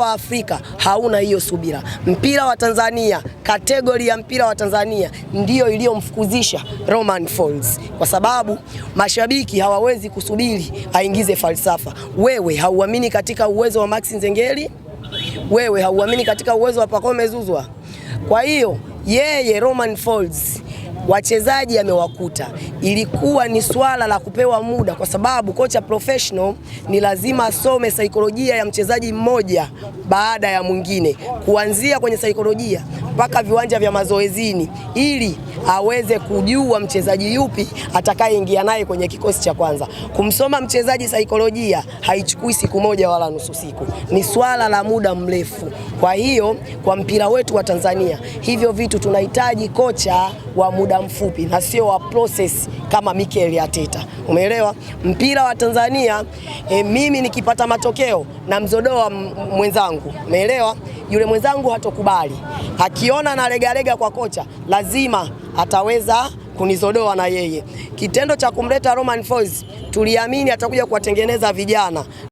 wa Afrika hauna hiyo subira. Mpira wa Tanzania, kategori ya mpira wa Tanzania ndiyo iliyomfukuzisha Romain Folz, kwa sababu mashabiki hawawezi kusubiri aingize falsafa. Wewe hauamini katika uwezo wa Max Nzengeli, wewe hauamini katika uwezo wa Pacome Zouzoua. Kwa hiyo yeye Romain Folz wachezaji amewakuta. Ilikuwa ni swala la kupewa muda, kwa sababu kocha professional ni lazima asome saikolojia ya mchezaji mmoja baada ya mwingine, kuanzia kwenye saikolojia mpaka viwanja vya mazoezini, ili aweze kujua mchezaji yupi atakayeingia naye kwenye kikosi cha kwanza. Kumsoma mchezaji saikolojia haichukui siku moja wala nusu siku, ni swala la muda mrefu. Kwa hiyo kwa mpira wetu wa Tanzania hivyo vitu tunahitaji kocha wa muda mfupi na sio wa process kama Mikel Arteta. Umeelewa? Mpira wa Tanzania e, mimi nikipata matokeo na mzodoa mwenzangu, umeelewa? Yule mwenzangu hatokubali, akiona na legalega kwa kocha, lazima ataweza kunizodoa na yeye. Kitendo cha kumleta Romain Folz tuliamini atakuja kuwatengeneza vijana.